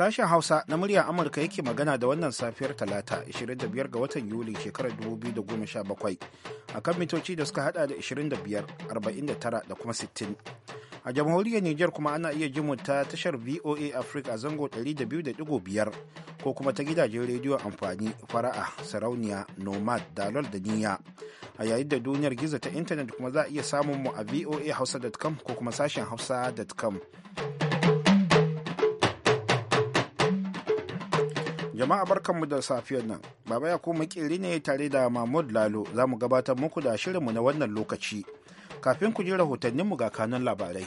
Sashen Hausa na muryar Amurka yake magana da wannan safiyar Talata 25 ga watan Yuli shekarar 2017 kan mitoci da suka hada da 25, 49 da kuma 60. A jamhuriyar Nijar kuma ana iya jimu ta tashar VOA Africa zango 200.5 ko kuma ta gidajen rediyo amfani fara'a sarauniya nomad dalol da niyya. A yayin da duniyar gizo ta intanet kuma za a iya samun mu a voahausa.com ko kuma sashen hausa.com. Jama'a barkanmu da safiyar nan. Baba ya kuma kiri ne tare da Mahmud Lalo za mu gabatar muku da shirinmu na wannan lokaci. Kafin ku ji rahotanninmu ga kanun labarai.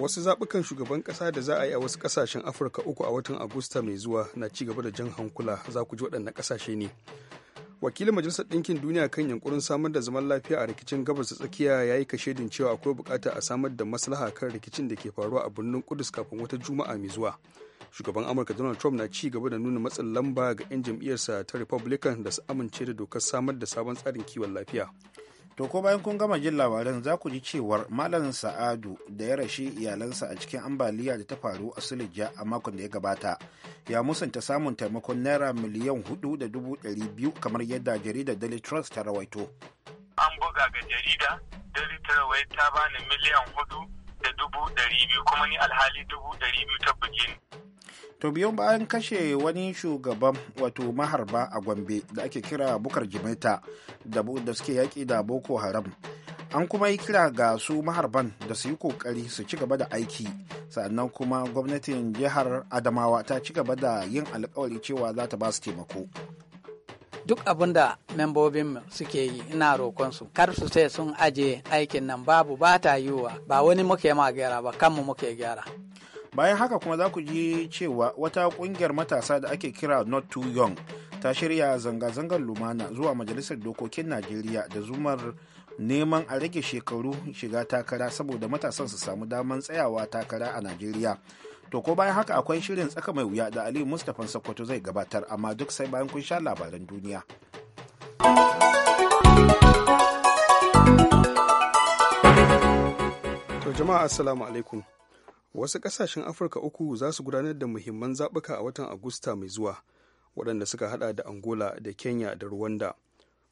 Wasu zaɓukan shugaban ƙasa da za a yi a wasu ƙasashen Afirka uku a watan Agusta mai zuwa na ci gaba da jan hankula za ku ji waɗannan ƙasashe ne. Wakilin Majalisar Ɗinkin Duniya kan yankurin samar da zaman lafiya a rikicin gabas da tsakiya ya yi kashedin cewa akwai buƙata a samar da maslaha kan rikicin da ke faruwa a birnin Kudus kafin wata Juma'a mai zuwa. shugaban amurka donald trump na ci gaba da nuna matsin lamba ga 'yan jam'iyyarsa ta republican da su amince da dokar samar da sabon tsarin kiwon lafiya to ko bayan kun gama jin labaran za ku ji cewar malam sa'adu da ya rashi iyalansa a cikin ambaliya da ta faru a sulija a makon da ya gabata ya musanta samun taimakon naira miliyan hudu da dubu dari biyu kamar yadda jaridar daily trust ta rawaito an buga ga jarida daily trust ta bani miliyan hudu da dubu dari biyu kuma ni alhali dubu dari biyu ta buge to biyo bayan kashe wani shugaban wato maharba a gombe da ake kira bukar jimaita da suke yaƙi da boko haram an kuma yi kira ga su maharban da su yi kokari su ci gaba da aiki sannan kuma gwamnatin jihar adamawa ta ci gaba da yin alkawari cewa za ta ba su taimako duk abin da membobin suke yi ina roƙon su kar su sai sun aje aikin nan babu ba ta yiwuwa ba wani muke ma gyara ba kanmu muke gyara bayan haka kuma za ku ji cewa wata kungiyar matasa da ake kira not too young ta shirya zanga-zangar lumana zuwa majalisar dokokin najeriya da zumar neman a rage shekaru shiga takara saboda matasan su samu daman tsayawa takara a najeriya to ko bayan haka akwai shirin tsaka mai wuya da aliyu mustapha sokoto zai gabatar amma duk sai bayan kun sha labaran duniya to jama'a assalamu alaikum wasu kasashen afirka uku za su gudanar da muhimman zaɓuka a watan agusta mai zuwa waɗanda suka hada da angola da kenya da rwanda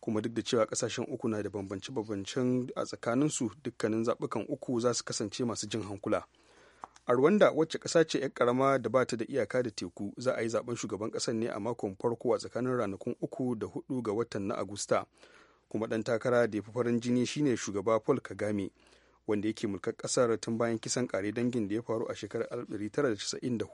kuma duk da cewa kasashen uku na da bambance-bambancen a tsakaninsu dukkanin zaɓukan uku za su kasance masu jin hankula a rwanda wacce ƙasa ce 'yan karama da ba ta da iyaka da teku za a yi zaben shugaban ƙasar ne a makon farko a tsakanin ranakun uku da hudu ga watan na agusta kuma ɗan takara da ya fi farin jini shine shugaba paul kagame wanda yake mulkar kasar tun bayan kisan kare dangin da ya faru a shekarar 1994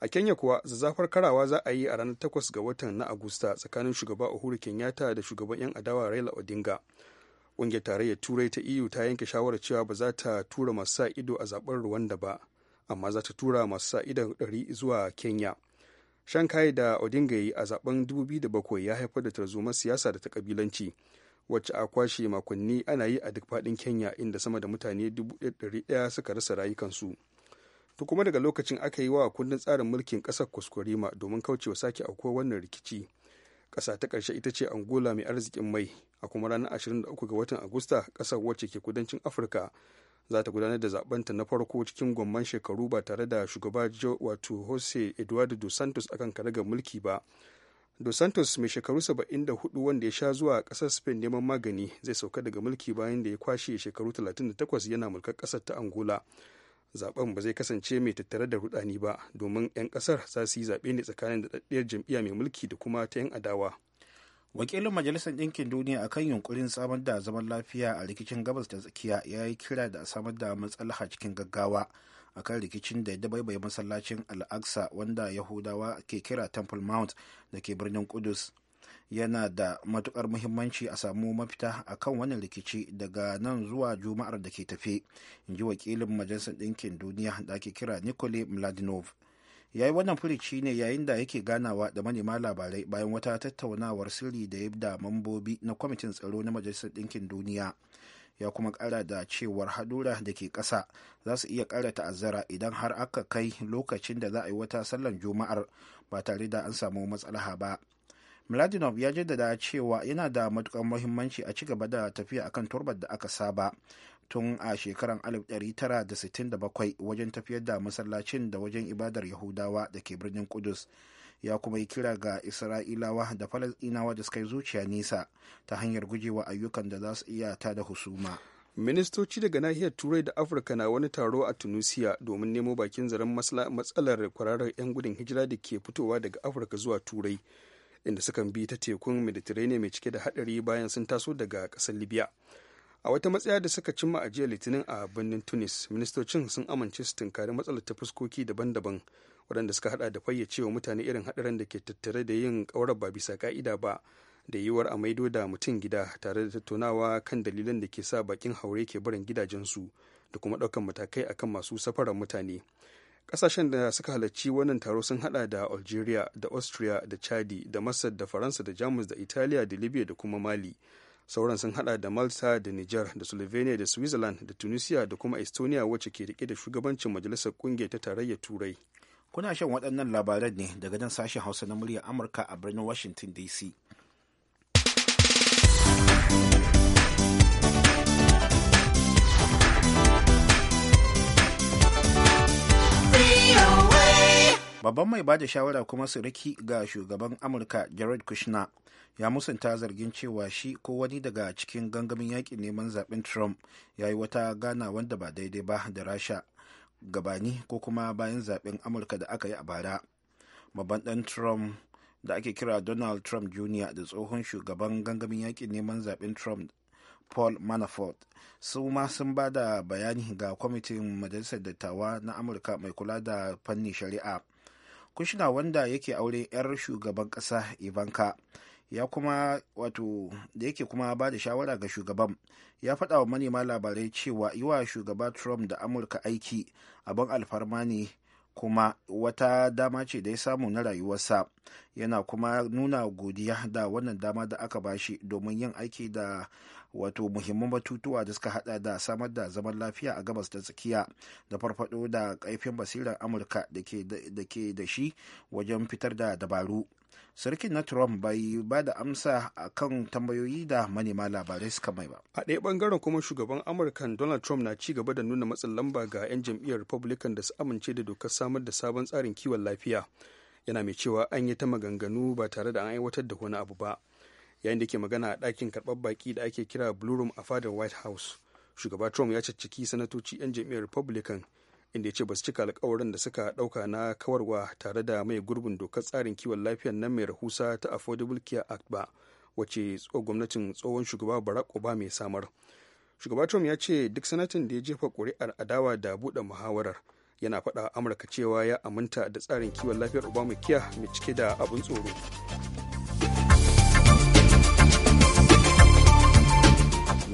a kenya kuwa zazafar karawa za a yi a ranar 8 ga watan na agusta tsakanin shugaba uhuru kenyatta da shugaban yan adawa raila odinga ƙungiyar tarayyar turai ta eu ta yanke shawarar cewa ba za ta tura masu sa ido a zaben rwanda ba amma za ta tura masu sa ido 100 zuwa kenya shan kai da odinga yi a zaben 2007 ya haifar da tarzoma siyasa da ta kabilanci wacce a kwashe makonni ana yi a duk fadin kenya inda sama da mutane 1,100 suka rasa rayukansu to kuma daga lokacin aka yi wa kundin tsarin mulkin ƙasar kuskurima domin kauce wa sake aukuwa wannan rikici ƙasa ta ƙarshe ita ce angola mai arzikin mai a kuma ranar 23 ga watan agusta ƙasar wacce ke kudancin afirka za ta gudanar da zabenta na farko cikin gwamman shekaru ba tare da shugaba wato jose eduardo dos santos akan karagar mulki ba dos santos mai shekaru 74 wanda ya sha zuwa kasar spain neman magani zai sauka daga mulki bayan da ya kwashe shekaru 38 yana mulkar kasar ta angola zaben ba zai kasance mai tattare da rudani ba domin 'yan kasar za su yi zaɓe ne tsakanin da ɗaɗɗiyar jam'iyya mai mulki da kuma ta 'yan adawa wakilin majalisar ɗinkin duniya a kan yunkurin samar da zaman lafiya a rikicin gabas da tsakiya ya yi kira da samar da matsalaha cikin gaggawa akan rikicin da ya dabaibaye masallacin al'aqsa wanda yahudawa ke kira temple mount da ke birnin kudus yana da matukar muhimmanci a samu mafita a kan wannan rikici daga nan zuwa juma'ar da ke tafe in ji wakilin majalisar ɗinkin duniya da ake kira nicole mladinov ya yi wannan furici ne yayin da yake ganawa da manema labarai bayan wata tattaunawar sirri da ya da mambobi na kwamitin tsaro na majalisar ɗinkin duniya ya kuma kara da cewar hadura da ke ƙasa za su iya ƙara ta'azzara idan har aka kai lokacin da za a yi wata sallan juma'ar ba tare da an samu matsalaha ba miladinov ya jaddada cewa yana da matukar muhimmanci a ci gaba da tafiya akan turbar da aka saba tun a shekarar 1967 wajen tafiyar da masallacin da wajen ibadar yahudawa da ke birnin kudus ya kuma yi kira ga isra'ilawa da falastinawa da suka yi zuciya nisa ta hanyar gujewa ayyukan da za su iya ta da husuma ministoci daga nahiyar turai da afirka na wani taro a tunisia domin nemo bakin zaren matsalar kwararar 'yan gudun hijira da ke fitowa daga afirka zuwa turai inda sukan bi ta tekun mediterranean mai cike da hadari bayan sun taso daga kasar libya a wata matsaya da suka cimma a jiya litinin a birnin tunis ministocin sun amince su tunkari matsalar ta fuskoki daban-daban waɗanda suka hada da fayyacewa mutane irin haɗarin da ke tattare da yin ƙaurar ba bisa ka'ida ba da yiwuwar a maido da mutum gida tare da tattaunawa kan dalilan da ke sa bakin haure ke barin gidajensu da kuma ɗaukan matakai akan masu safarar mutane ƙasashen da suka halarci wannan taro sun hada da algeria da austria da chadi da masar da faransa da jamus da italiya da libya da kuma mali sauran sun hada da malta da niger da slovenia da switzerland da tunisia da kuma estonia wacce ke rike da shugabancin majalisar kungiyar ta tarayyar turai kuna shan waɗannan labaran ne daga nan sashen hausa na muryar amurka a birnin washington dc babban mai ba da shawara kuma suriki ga shugaban amurka jared kushner ya musanta zargin cewa shi ko wani daga cikin gangamin yakin neman zaben trump ya yi wata gana wanda ba daidai ba da rasha gabani ko kuma bayan zaben amurka da aka yi a bara babban dan trump da ake kira donald trump jr da tsohon shugaban gangamin yakin neman zaben trump paul manafort su ma sun ba da bayani ga kwamitin majalisar dattawa na amurka mai kula da fannin shari'a kushina wanda yake aure 'yar shugaban ƙasa ivanka ya kuma wato da yake kuma ba da shawara ga shugaban ya faɗa wa manema labarai cewa yi wa shugaba trump da amurka aiki abin alfarma ne kuma wata dama ce da ya samu na rayuwarsa yana kuma nuna godiya da wannan dama da aka bashi domin yin aiki da wato muhimman batutuwa da suka hada da samar da zaman lafiya a gabas da tsakiya da farfado da kaifin basirar amurka da ke da shi wajen fitar da dabaru sarkin na trump bai ba da amsa a kan tambayoyi da manema labarai suka mai ba a ɗaya ɓangaren kuma shugaban amurkan donald trump na ci gaba da nuna matsin lamba ga 'yan jam'iyyar republican da su amince da dokar samar da sabon tsarin kiwon lafiya yana mai cewa an yi ta maganganu ba tare da an aiwatar da wani abu ba yayin da ke magana a ɗakin karɓar baki da ake kira blue room a fadar white house shugaba trump ya cicciki sanatoci 'yan jam'iyyar republican inda ya ce ba su cika alkawarin da suka ɗauka na kawarwa tare da mai gurbin dokar tsarin kiwon lafiyar nan mai rahusa ta affordable care act ba wacce gwamnatin tsohon shugaba barack obama ya samar shugaba trump ya ce duk sanatin da ya jefa kuri'ar adawa da buɗe muhawarar yana faɗa amurka cewa ya aminta da tsarin kiwon lafiyar kiya mai cike da abin tsoro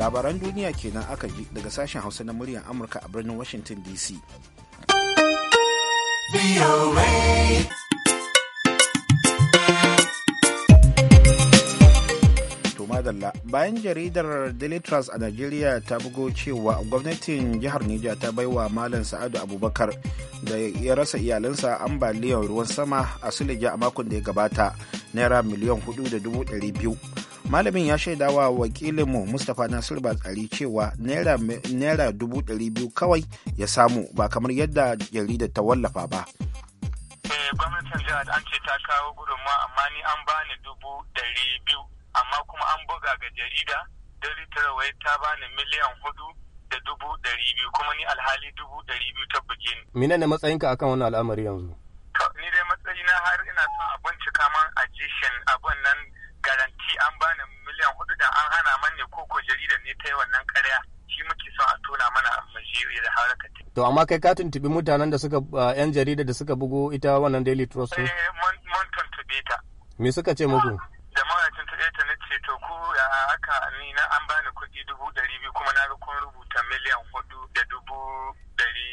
labaran duniya kenan aka ji daga sashen hausa na muryar amurka a birnin washington dc bayan jaridar daily trust a nigeria ta bugo cewa gwamnatin jihar niger ta baiwa malam sa'adu abubakar da ya rasa iyalinsa ambaliyar ruwan sama a suleja a makon da ya gabata naira miliyan 4.2. biyu malamin ya shaida wa wakilinmu mustapha nasir batsari cewa naira dubu dari biyu kawai ya samu ba kamar yadda jaridar ta wallafa ba eh, gwamnatin jihar an ce ta kawo gudunmawa amma ni an bani dubu dari biyu amma kuma an buga ga jarida dari tarawai ta bani miliyan hudu da dubu dari biyu kuma ni alhali dubu dari biyu ta buge ni. mina ne matsayinka akan wani al'amari yanzu? Ni dai matsayi na har ina son a bincika man addition abin nan garanti an bani miliyan hudu da an hana mani koko jaridar ne ta yi wannan karya shi muke son a tona mana majiri da harakati. To amma kai ka tuntubi mutanen da suka yan jarida da suka bugo ita wannan Daily Trust ne? Eh, mun tuntube ta. Me suka ce muku? Da mun tuntube ta na ce to ku ya haka ni na an bani kuɗi dubu ɗari biyu kuma na ga kun rubuta miliyan hudu da dubu ɗari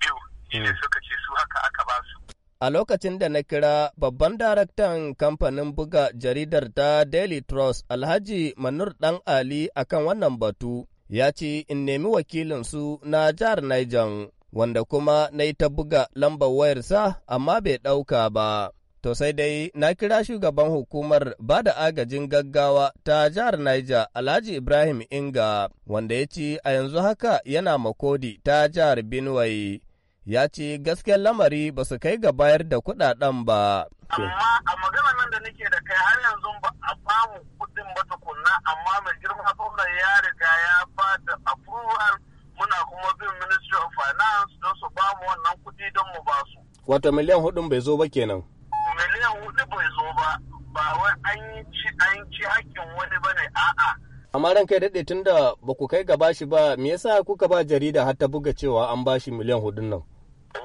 biyu. Ine hmm. suka ce su haka aka ba su. a lokacin da na kira babban daraktan kamfanin buga jaridar ta Daily Trust Alhaji Manur Dan Ali akan wannan batu, ya ce in nemi wakilinsu na jihar Niger, wanda kuma na yi ta buga lambar wayarsa amma bai ɗauka ba. To sai dai na kira shugaban hukumar ba da agajin gaggawa ta jihar Niger Alhaji Ibrahim Inga wanda ya ce a yanzu haka yana makodi ta jihar Benue ya ce gaskiyan lamari ba su kai ga bayar da kudaden ba. Amma a magana nan da nake da kai har yanzu ba a bamu kudin ba tukunna amma mai girma sauna ya riga ya ba da approval muna kuma bin Ministry of Finance don su mu wannan kudi don mu ba su. Wata miliyan hudun bai zo ba kenan. amma ran kai daɗe tun da ba ku kai gaba shi ba me yasa kuka ba jarida har ta buga cewa an ba shi miliyan hudun nan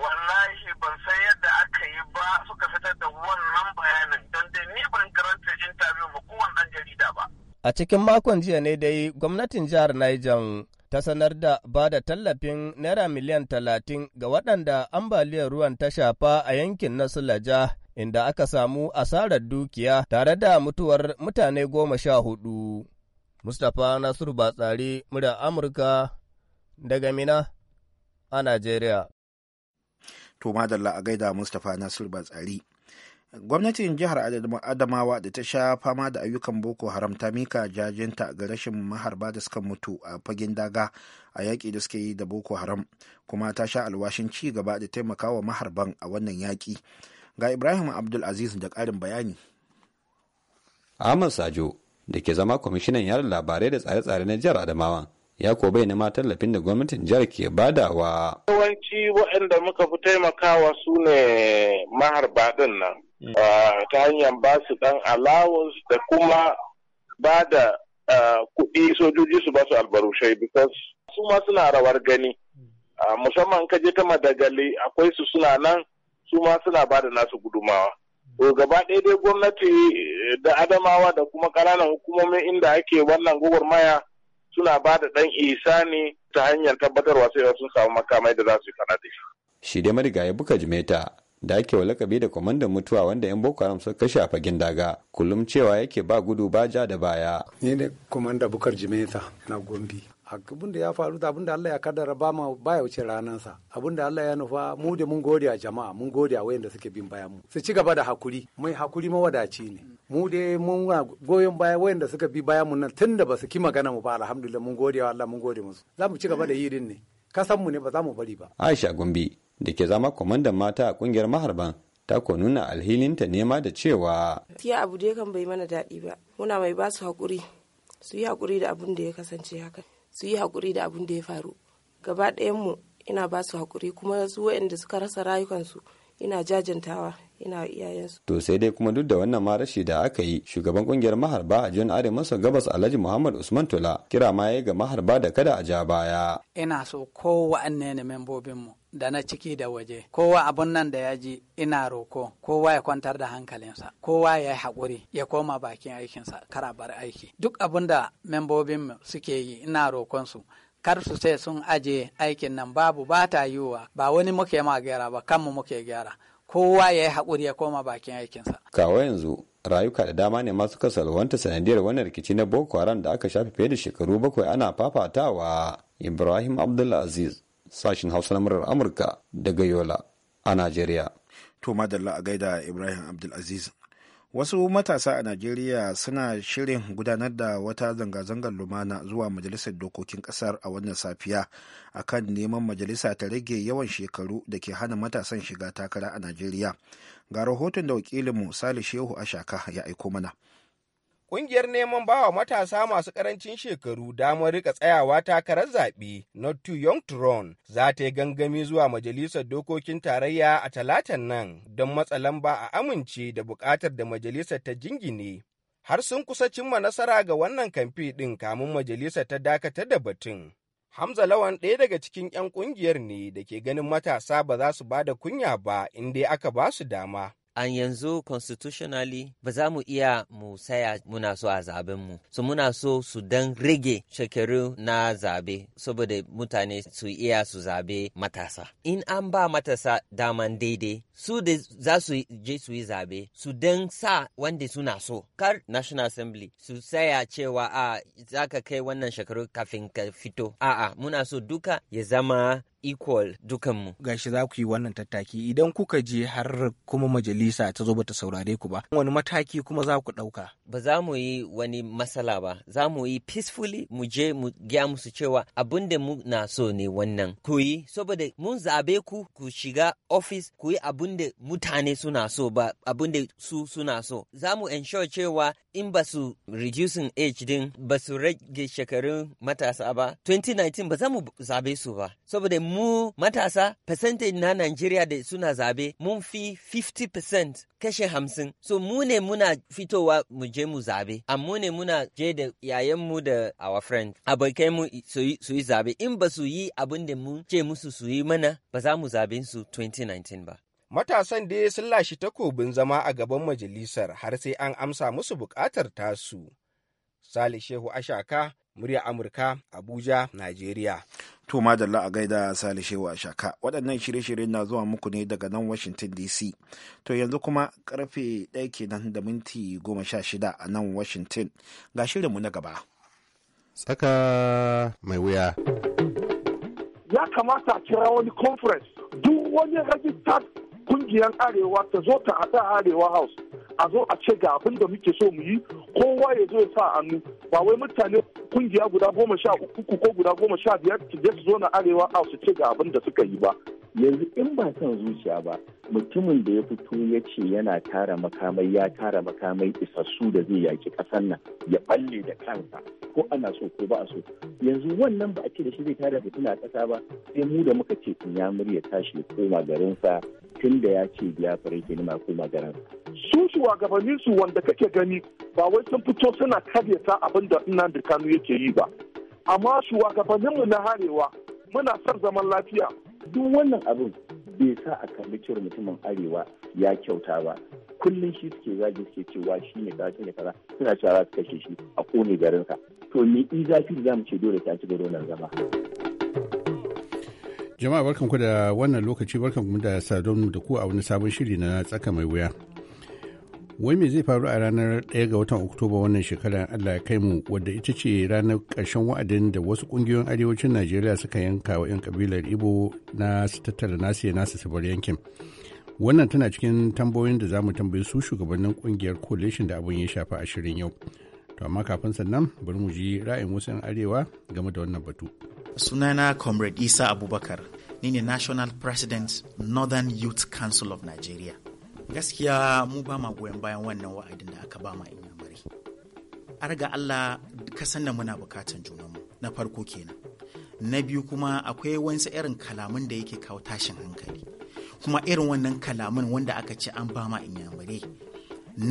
wallahi ban san yadda aka yi ba suka fitar da wannan bayanin don dai ni ban karanta interview ba kowane jarida ba a cikin makon jiya ne dai gwamnatin jihar Niger ta sanar da ba da tallafin naira miliyan talatin ga waɗanda ambaliyar ruwan ta shafa a yankin na Sulaja inda aka samu asarar dukiya tare da mutuwar mutane goma sha hudu. Mustapha Nasiru Batsari, murya Amurka daga Mina a Najeriya. To madalla a gaida Mustapha Nasiru Batsari. Gwamnatin jihar Adamawa da ta sha fama da ayyukan Boko Haram ta mika jajinta ga rashin maharba da suka mutu a fagen daga a yaƙi da suke yi da Boko Haram kuma ta sha alwashin ci gaba da taimakawa maharban a wannan yaƙi. Ga Ibrahim Abdul Aziz da ƙarin bayani. Ahmad Sajo da ke zama kwamishinan yaran labarai da tsare-tsare na jihar adamawa ya ko bai ma tallafin da gwamnatin jihar ke badawa. Yawanci waɗanda muka fi taimakawa su ne maharba ɗin nan mm. ta hanyar ba su ɗan allowance da kuma ba da kuɗi sojoji su ba su albarushai because su ma suna rawar gani musamman ka je ta madagali akwai su suna nan su ma suna ba da nasu gudumawa. to gaba ɗaya dai gwamnati eh, da adamawa da kuma ƙananan hukumomin inda ake wannan gwagwarmaya suna ba da ɗan isa ne ta hanyar tabbatarwa sai sun samu makamai da za su yi kana da shi. shi dai buka jimeta da ake walakabi da kwamandan mutuwa wanda yan boko haram suka kashe a fagen daga kullum cewa yake ba gudu ba ja da baya ni ne kwamanda bukar jimeta na gombe abin da ya faru da abin da Allah ya kaddara ba ma baya wuce ranansa abin da Allah ya nufa mu da mun gode a jama'a mun gode a wayanda suke bin bayan mu su ci gaba da hakuri mai hakuri mawadaci ne mu dai mun goyon baya wayanda suka bi bayan mu nan tunda ba su ki magana mu ba alhamdulillah mun gode wa Allah mun gode musu za mu ci gaba da yi din ne kasan mu ne ba za mu bari ba Aisha Gombe da ke zama kwamandan mata a kungiyar maharban ta ko nuna alhilinta nema da cewa tiya abu dai kan bai mana daɗi ba muna mai ba su hakuri su yi haƙuri da abin da ya kasance haka su yi haƙuri da abin da ya faru gaba mu ina ba su haƙuri kuma su waɗanda suka rasa rayukansu ina jajantawa ina iyayensu. To sai dai kuma duk da wannan ma rashi da aka yi shugaban kungiyar maharba a jihar Arewa maso gabas Alhaji Muhammad Usman Tola kira ma ya ga maharba da kada a ja baya. Ina so kowa ne membobin mu da na ciki da waje kowa abun nan da ya ji ina roko kowa ya kwantar da hankalinsa kowa ya yi haƙuri ya koma bakin aikinsa kara bar aiki duk abun da membobin suke yi ina rokonsu kar su sai sun aje aikin nan babu ba ta yiwuwa ba wani muke ma gyara ba kanmu muke gyara kowa ya yi haƙuri ya koma bakin aikinsa kawo yanzu rayuka da dama ne masu wanta sanadiyar wani rikici na boko haram da aka shafe fiye da shekaru bakwai ana fafatawa ibrahim abdulaziz sashen Hausa na murar Amurka daga Yola a Najeriya. To madalla a gaida Ibrahim Abdulaziz. Wasu matasa a Najeriya suna shirin gudanar da wata zanga-zangar lumana zuwa Majalisar Dokokin kasar a wannan safiya akan neman majalisa ta rage yawan shekaru da ke hana matasan shiga takara a Najeriya. Ga rahoton da wakilinmu sali Shehu Ashaka ya aiko mana. Ƙungiyar neman bawa matasa masu ƙarancin shekaru damar rika tsayawa takarar zaɓe na Too Young throne za ta yi gangami zuwa Majalisar Dokokin Tarayya a talatan nan don matsalan lamba a amince da buƙatar da majalisar ta jingine. Har sun kusa cimma nasara ga wannan kamfe ɗin kamun majalisar ta dakatar da batun. Hamza Lawan ɗaya daga cikin 'yan ƙungiyar ne da ke ganin matasa ba za su ba da kunya ba in dai aka ba su dama. an yanzu constitutionally ba za mu iya mu saya muna so a zaben mu so muna so su dan rage shekaru na zabe saboda mutane su iya su zabe matasa in an ba matasa daman daidai su da za su je su yi zabe su dan sa wanda suna so kar national assembly su saya cewa a za ka kai wannan shekaru kafin ka fito a'a muna so duka ya zama equal dukanmu. Gashi za ku yi wannan tattaki idan kuka je har kuma majalisa ta zo bata saurare ku ba wani mataki kuma za ku ɗauka. Ba za mu yi wani matsala ba za mu yi peacefully mu je mu gya musu cewa abin da mu na so ne wannan ku yi saboda mun zabe ku ku shiga office ku yi abin da mutane suna so ba abin da su suna so. Za mu ensure cewa in ba su reducing age din ba su rage shekarun matasa ba 2019 ba za mu zabe su ba saboda mu matasa percentage na Najeriya da suna zabe mun fi 50% kashe hamsin so mu ne muna fitowa mu je mu zabe mu ne muna je da mu da our friend abokai mu su yi zabe in ba su yi abin da mu ce musu su yi mana ba za mu zabe su 2019 ba Matasan dai sun lashe takobin zama a gaban majalisar har sai an amsa musu bukatar tasu. Sale Shehu Ashaka, murya Amurka, Abuja, Najeriya. To madalla a gaida Sale Shehu Ashaka. Waɗannan shirye-shirye na zuwa muku ne daga nan Washington DC. To yanzu kuma karfe ɗaya kenan da minti goma sha shida a nan Washington. Ga shirinmu na gaba. Tsaka mai wuya. Ya kamata a kira wani conference duk wani rajistar. kungiyar arewa ta zo ta haɗa arewa house a zo a ce ga abin da muke so mu yi kowa ya zo ya sa hannu ba wai mutane kungiya guda goma sha uku ko guda goma sha biyar su je zo na arewa house su ce ga abin da suka yi ba yanzu in ba son zuciya ba mutumin da ya fito ya ce yana tara makamai ya tara makamai isassu da zai yaki ƙasar nan ya balle da kansa ko ana so ko ba a so yanzu wannan ba a ce da shi zai tara fitina a ƙasa ba sai mu da muka ce in ya murya tashi koma garinsa tun da ya ce fara yake nima koma garinsa. su shugabannin su wanda kake gani ba wai sun fito suna karyata abin da Nnamdi Kanu yake yi ba amma shugabanninmu na harewa muna son zaman lafiya duk wannan abin bai sa a kalli cewar mutumin arewa ya kyauta ba kullum shi suke zagi suke cewa shi ne kaza ne kaza suna cewa su kashe shi a kone garinsa to ni in zafi za mu ce dole ta ci da nan zama jama'a barkanku da wannan lokaci barkanku da sadonu da ku a wani sabon shiri na tsaka mai wuya wai me zai faru a ranar 1 ga watan oktoba wannan shekarar allah ya kai mu wadda ita ce ranar ƙarshen wa'adin da wasu ƙungiyoyin arewacin najeriya suka yanka wa 'yan kabilar ibo na su tattara nasu ya nasu su bar yankin wannan tana cikin tambayoyin da za mu tambayi su shugabannin ƙungiyar coalition da abin ya shafa a shirin yau to amma kafin sannan bari mu ji ra'ayin wasu 'yan arewa game da wannan batu sunana comrade isa abubakar ni ne national president northern youth council of nigeria gaskiya mu ba ma goyon bayan wannan wa'adin da aka ba ma inyamurai a raga allah kasan da muna bukatan junanmu na farko kenan na biyu kuma akwai wani irin kalamun da yake kawo tashin hankali kuma irin wannan kalamun wanda aka ce an ba ma mari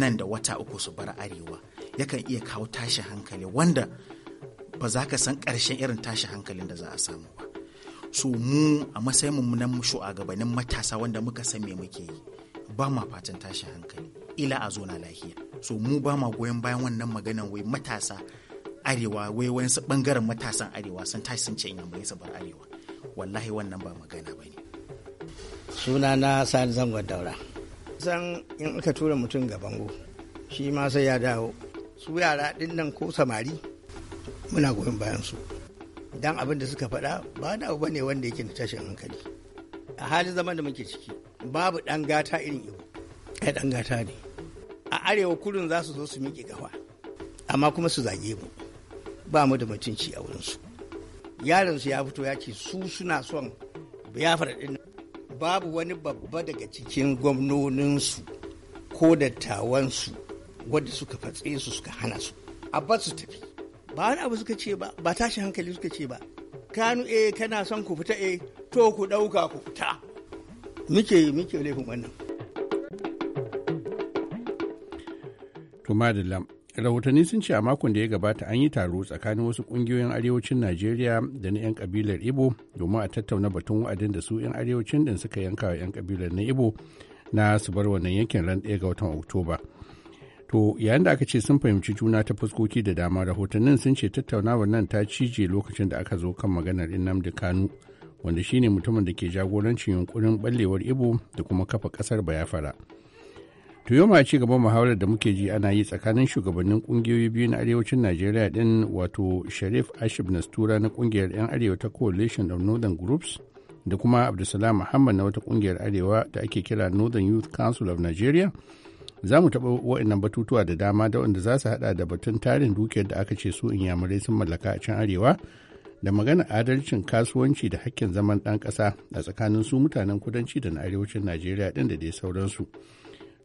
nan da wata uku su bar arewa yakan iya kawo tashin hankali wanda ba za ka san karshen irin tashin hankalin da za a samu ba so mu a matsayin mu na shugabannin matasa wanda muka san me muke yi ba ma fatan tashi hankali ila a zona lahiya so mu ba ma goyon bayan wannan maganan wai matasa arewa wai wayansu bangaren matasan arewa sun tashi sun ce ina mai bar arewa wallahi wannan ba magana ba ne suna na sani zangon daura san in aka tura mutum ga bango shi ma sai ya dawo su yara din nan ko samari muna goyon bayan su dan abin da suka faɗa ba da abu ne wanda yake na tashin hankali a halin zaman da muke ciki babu ɗangata gata irin ibo ai dan gata ne a arewa kurin za su zo su miƙe gawa amma kuma su zage mu ba mu da mutunci a wurin su. wurinsu su ya fito ya ce su suna son biyafar ɗin babu wani babba daga cikin gwamnoninsu ko su wadda suka fatse su suka hana su a su tafi ba wani abu suka ce ba ba tashin hankali suka ce ba kanu eh kana son ku fita eh to ku ɗauka ku fita muke muke laifin wannan to madallam rahotanni sun ce a makon da ya gabata an yi taro tsakanin wasu kungiyoyin arewacin najeriya da na 'yan kabilar ibo domin a tattauna batun wa'adin da su 'yan arewacin din suka yanka wa 'yan kabilar na ibo na su bar wannan yankin ran ɗaya ga watan oktoba To yayin da aka ce sun fahimci juna ta fuskoki da dama rahotannin sun ce tattaunawar nan ta cije lokacin da aka zo kan maganar Nnamdi Kanu wanda shine mutumin da ke jagorancin yunkurin ballewar Ibo da kuma kafa kasar Bayafara. To yau ma ci gaban muhawarar da muke ji ana yi tsakanin shugabannin kungiyoyi biyu na arewacin Najeriya din wato Sharif Ashib Nastura na kungiyar 'yan arewa ta Coalition of Northern Groups da kuma Abdulsalam Muhammad na wata kungiyar arewa da ake kira Northern Youth Council of Nigeria za mu taɓa waɗannan batutuwa da dama da wanda za su haɗa da batun tarin dukiyar da aka ce su inyamurai sun mallaka a can arewa da magana adalcin kasuwanci da hakkin zaman ɗan ƙasa a tsakanin su mutanen kudanci da na arewacin najeriya ɗin da dai sauransu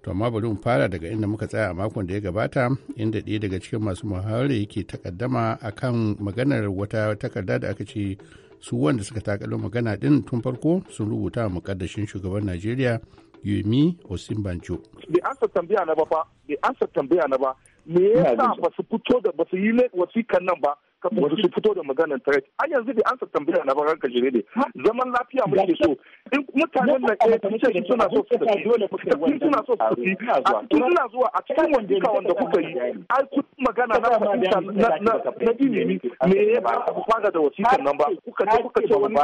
to amma bari mu fara daga inda muka tsaya a makon da ya gabata inda ɗaya daga cikin masu muhawara yake takaddama kan maganar wata takarda da aka ce su wanda suka takalo magana ɗin tun farko sun rubuta muƙaddashin shugaban najeriya Yumi Osinbanjo. Bai ansa tambaya na ba fa, bai ansa tambaya na ba, me yasa ba su fito da ba su yi wasikan nan ba, wasu su fito da maganar tare a yanzu da ansa tambaya na barar kajire ne zaman lafiya muke so in mutanen eh, da ke tafiye suna so su tafi dole kuka yi suna so su tafi suna zuwa a cikin wanda ka wanda kuka yi ai kun magana na fahimta na ne me ya ba ku fara da wasiƙan nan ba kuka ce kuka ce wani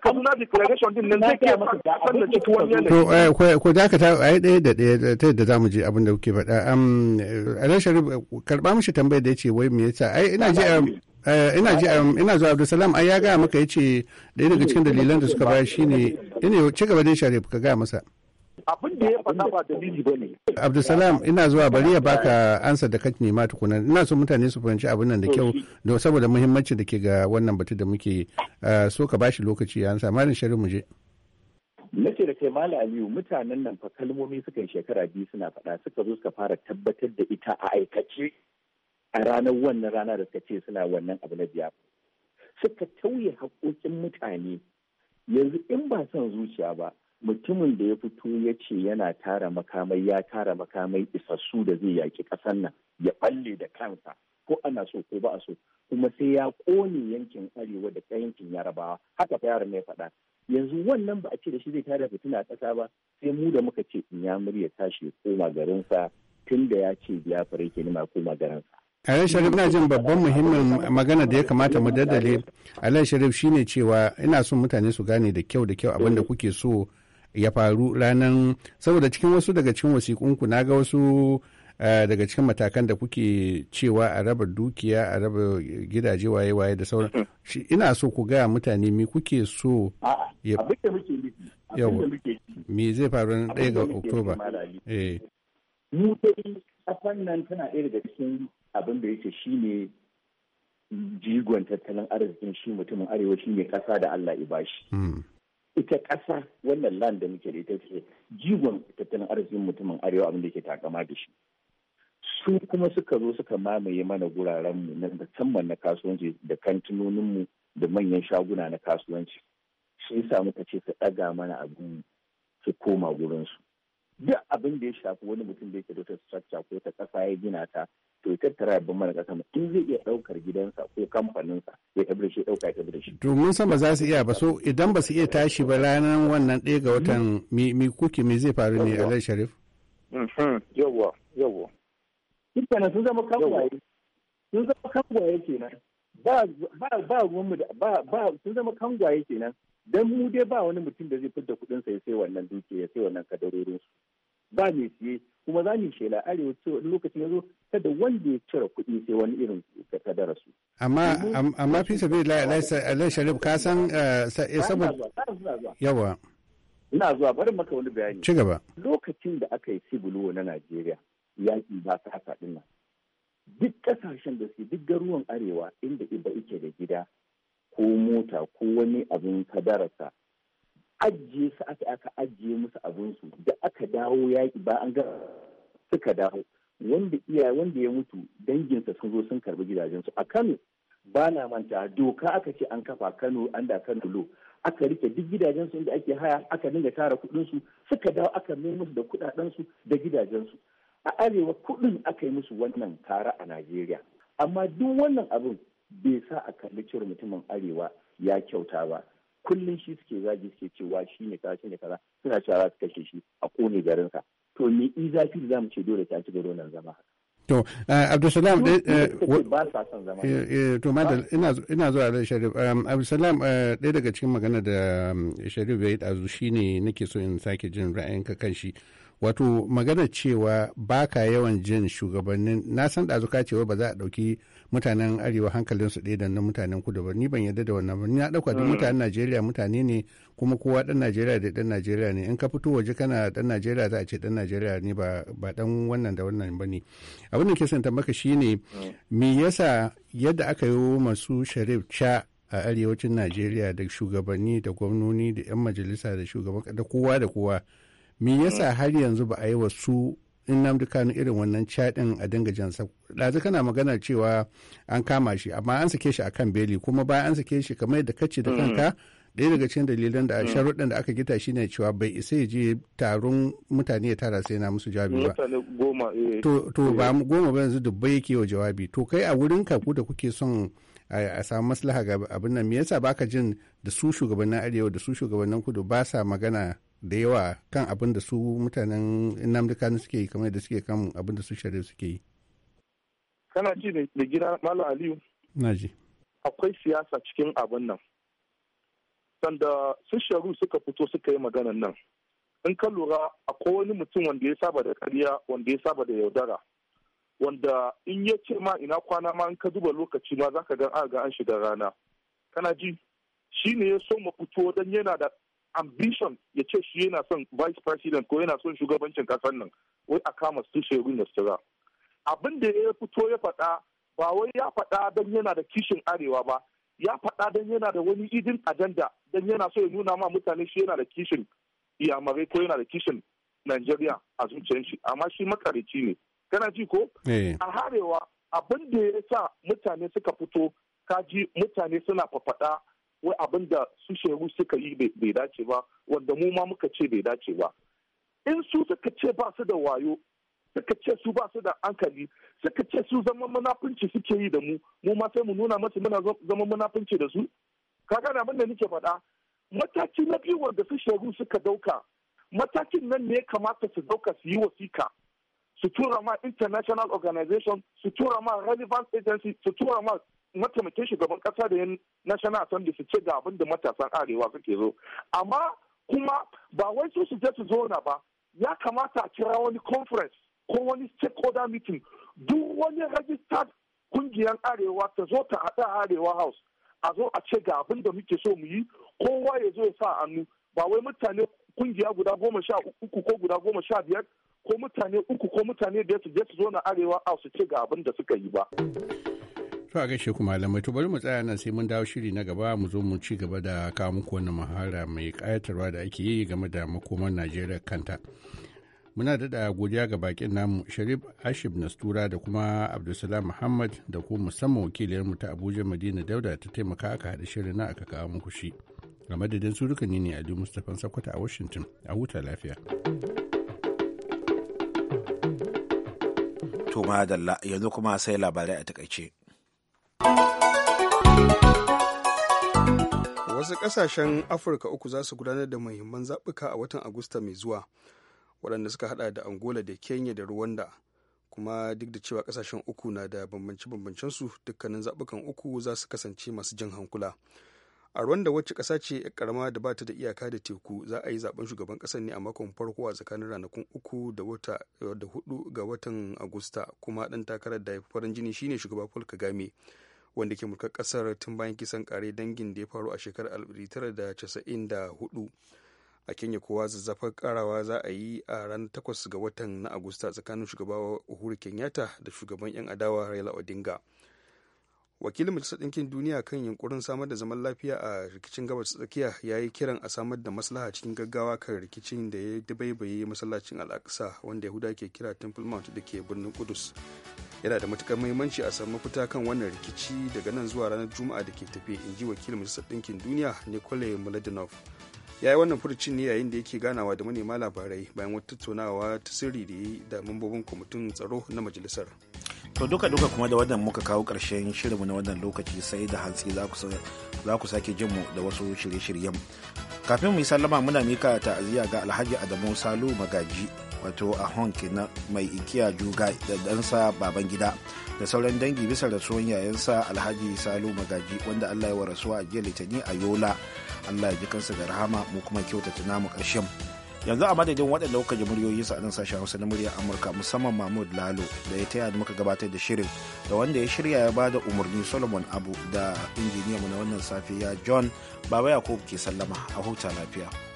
Kaduna declaration maganar Kaduna declaration din nan zai ke san da cikin wani yanayi to eh, ko da ka ta ai ɗaya da ɗaya ta yadda zamu ji abin da kuke faɗa am Alan Sharif karɓa mishi tambayar da ya ce wai me ya minista ai ina ji um, eh, ina ji um, ina zuwa abdulsalam ai ya gaya maka ya ce ɗaya daga cikin dalilan da suka bayar shine ina ci gaba da sharif ka gaya masa abin da ya faɗa ba dalili ba ne. Abdulsalam ina zuwa bari ya baka ansa da kake nema tukuna ina so mutane su fahimci abin nan da kyau don saboda muhimmancin da ke ga wannan batu da muke eh, so ka bashi lokaci ya ansa malin sharif mu je. Nace da kai Mala Aliyu mutanen nan fa kalmomi suka yi shekara biyu suna faɗa suka zo suka fara tabbatar da ita a aikace a ranar wannan rana da suka ce suna wannan abu na biya suka tauye haƙoƙin mutane yanzu in ba son zuciya ba mutumin da ya fito ya ce yana tara makamai ya tara makamai isassu da zai yaƙi ƙasar nan ya ɓalle da kansa ko ana so ko ba a so kuma sai ya ƙone yankin arewa da ta yankin yarabawa haka fa yaron ya faɗa yanzu wannan ba a ce da shi zai tara fitina a ƙasa ba sai mu da muka ce in ya murya tashi ko koma garinsa tun da ya ce biyafar yake nima koma garinsa alai Sharif na jin babban muhimmin magana da ya kamata mu daddale Alain Sharif shine cewa ina son mutane su gane da kyau da kyau abin da kuke so ya faru ranar saboda cikin wasu daga cikin wasiƙunku na ga wasu eh, daga cikin matakan da kuke cewa a raba dukiya a raba gidaje waye waye da sauran ina so ku gaya mutane me kuke so ya me zai faru na ɗaya ga oktoba eh. mu dai tana ɗaya daga cikin abin da yake ne jigon tattalin arzikin shi mutumin arewa shi ne kasa da Allah ya bashi. Hmm. Ita ƙasa wannan land da muke da ita ce jigon tattalin arzikin mutumin arewa abin da yake takama da shi. Su kuma suka zo suka mamaye mana gurarenmu na musamman na kasuwanci da mu da manyan shaguna na kasuwanci. Shi yasa muka ce su ɗaga mana abin su koma gurinsu. Duk abin da ya shafi wani mutum da yake da wata structure ko ta ƙasa ya gina ta to tara yabban mana kasa in zai iya daukar gidansa ko kamfaninsa ya tabi da shi dauka ya tabi shi. to mun san ba za su iya ba so idan ba su iya tashi ba ranar wannan ɗaya ga watan mi kuki me zai faru ne alai sharif. Mm-hmm. yawwa yawwa. dukkanin sun zama kangwaye sun zama kangwaye kenan ba ba ruwanmu da ba ba sun zama kangwaye kenan dan mu dai ba wani mutum da zai fidda kuɗinsa ya sai wannan dukiya ya sai wannan kadarorin ba mai siye kuma za mu shela arewa cewa lokacin ya zo kada wanda ya cire kuɗi sai wani irin dara su. Amma amma fi sabi Alai Sharif ka san eh, eh, saboda yawa. Ina zuwa bari maka wani bayani. Ci gaba. Lokacin da aka yi sibulo na Najeriya yaƙi ba ta haka ɗin nan. Duk ƙasashen da su duk garuwan arewa inda iba ike da gida ko mota ko wani abin kadararsa ajiye su aka aka ajiye musu abinsu da aka dawo yaƙi ba an ga suka dawo wanda iya wanda ya mutu danginsa sun zo sun karbi gidajensu a kano ba na manta doka aka ce an kafa kano an da kano lo aka rike duk gidajensu inda ake haya aka dinga tara su suka dawo aka mai musu da kuɗaɗensu da gidajensu a arewa kudin aka yi musu wannan tara a najeriya amma duk wannan abin bai sa a kalli cewa mutumin arewa ya kyauta ba kullum shi suke zagi suke cewa shi ne kaza shi ne kaza suna cewa za su kashe shi a kone garin ka. to ni i zafi za mu ce dole ta ci gaba nan zama to eh, abdulsalam eh, ba sa son eh, ina zuwa da sharif um, abdulsalam ɗaya daga cikin magana da um, sharif bai yi ɗazu shine nake so in sake jin ra'ayinka kan shi wato magana cewa baka yawan jin shugabannin na san ɗazu ka cewa ba za a ɗauki mutanen arewa hankalinsu ɗaya da na mutanen kudu ba ni ban yarda da wannan ba ni na ɗauka duk mm. mutanen najeriya mutane ne kuma kowa ɗan najeriya da ɗan najeriya ne in ka fito waje kana ɗan najeriya za a ce ɗan najeriya ne ba ba ɗan wannan da wannan ba ne abin da ke son tambaka shine mm. me yasa yadda aka yi masu sharif cha a arewacin najeriya da shugabanni da gwamnoni da 'yan majalisa da shugaban da kowa da kowa me yasa mm. har yanzu ba a yi wasu in namdi kanu irin wannan cadin a dinga sa ɗazu kana magana cewa an kama shi amma an sake shi akan beli kuma bayan an sake shi kamar yadda kace da mm. kanka ɗaya daga cikin dalilan da mm. sharuɗin da aka gita shine cewa bai isa ya je taron mutane ya tara sai na musu jawabi ba eh. to ba eh. goma ba yanzu dubbai yake wa jawabi to kai a wurin ka ku da kuke son a samu maslaha ga abin nan me yasa baka jin da su shugabannin arewa da su shugabannin kudu ba sa magana da yawa kan abin da su mutanen Nnamdi suke yi kamar da suke kan abin da su shari'a suke yi. Kana ji da gida Malam Aliyu? Na ji. Akwai siyasa cikin abin nan. Sanda su Sharu suka fito suka yi maganan nan. In ka lura akwai wani mutum wanda ya saba da kariya wanda ya saba da yaudara. Wanda in ya ce ma ina kwana ma in ka duba lokaci ma za ka ga an shiga rana. Kana ji? shi ne ya so mu fito don yana da ambition ya ce shi yana son vice president ko yana son shugabancin kasar nan wai a kama su shegun da su abin da ya fito ya faɗa ba wai ya faɗa don yana da kishin arewa ba ya faɗa don yana da wani idin agenda don yana so ya nuna ma mutane shi yana da kishin iyamarai ko yana da kishin nigeria a zuciyar shi amma shi makarici ne kana ji ko eh. a harewa abin da ya sa mutane suka fito kaji mutane suna fafaɗa wai abin da su shehu suka yi bai dace ba wanda mu ma muka ce bai dace ba in su suka ce ba su da wayo suka ce su ba su da hankali suka ce su zama munafunci suke yi da mu mu ma sai mu nuna masu muna zama munafunci da su kaga na da nake faɗa mataki na biyu wanda su shehu suka dauka matakin nan ne ya kamata su dauka su yi wasika su tura ma international organization su tura ma relevant agency su tura ma mataimakin shugaban kasa da national assembly su ce ga abin da matasan arewa suke zo amma kuma ba wai su su je su zona ba ya kamata a kira wani conference ko wani stakeholder meeting duk wani registered kungiyar arewa ta zo ta haɗa arewa house a zo a ce ga abin da muke so mu yi kowa ya zo ya sa hannu ba wai mutane kungiya guda goma sha uku ko guda goma sha biyar ko mutane uku ko mutane biyar su je su zo na arewa house su ce ga abin da suka yi ba. To a gaishe kuma malamai to bari mu tsaya nan sai mun dawo shiri na gaba mu zo mu ci gaba da kawo muku wannan muhara mai kayatarwa da ake yi game da makoman Najeriya kanta. Muna daɗa godiya ga bakin namu Sharif Ashib Nastura da kuma Abdulsalam Muhammad da kuma musamman wakiliyarmu ta Abuja Madina Dauda ta taimaka aka haɗa shirin na aka kawo muku shi. Ga madadin su duka ne Aliyu Mustapha Sakwata a Washington a huta lafiya. To madalla yanzu kuma sai labarai a takaice. wasu kasashen afirka uku za su gudanar da muhimman zaɓuka a watan agusta mai zuwa waɗanda suka hada da angola da kenya da rwanda kuma duk da cewa kasashen uku na da bambance bambancen su dukkanin zaɓukan uku za su kasance masu jin hankula a rwanda wacce ƙasa ce karama da ba ta da iyaka da teku za a yi zaben shugaban ƙasar ne a makon farko a tsakanin ranakun uku da wata da hudu ga watan agusta kuma ɗan takarar da ya fi farin jini shine shugaba paul kagame wanda ke mulkar kasar tun bayan kisan kare dangin da ya faru a shekarar 1994 a kenya kowa zazzafar karawa za a yi a ranar takwas ga watan na agusta tsakanin shugaba uhuru kenyatta da shugaban yan adawa raila odinga wakilin majalisar ɗinkin duniya kan yunkurin samar da zaman lafiya a rikicin gabas tsakiya ya yi kiran a samar da maslaha cikin gaggawa kan rikicin da ya dabaibaye masallacin al'aqsa wanda yahuda ke kira temple mount da ke birnin kudus yana da matukar muhimmanci a samu mafita kan wannan rikici daga nan zuwa ranar juma'a da ke tafe in ji wakilin majalisar ɗinkin duniya nikola mladenov ya yi wannan furucin ne yayin da yake ganawa da manema labarai bayan wata tattaunawa ta sirri da da mambobin kwamitin tsaro na majalisar to duka duka kuma da wannan muka kawo karshen shirinmu na wannan lokaci sai da hantsi za ku sake jin mu da wasu shirye-shiryen kafin mu yi sallama muna mika ta'aziyya ga alhaji adamu salu magaji wato a honki na mai ikiya juga da dansa baban gida da sauran dangi bisa rasuwan yayansa alhaji salu magaji wanda allah ya wa rasuwa a jiya litani a yola allah ya ji kansa da rahama mu kuma kyautata namu ƙarshen yanzu a madadin waɗanda kuka ji muryoyi sa nan sashen hausa na muryar amurka musamman mahmud lalo da ya taya muka gabatar da shirin da wanda ya shirya ya bada umarni solomon abu da mu na wannan safiya john baba yakubu ke sallama a huta lafiya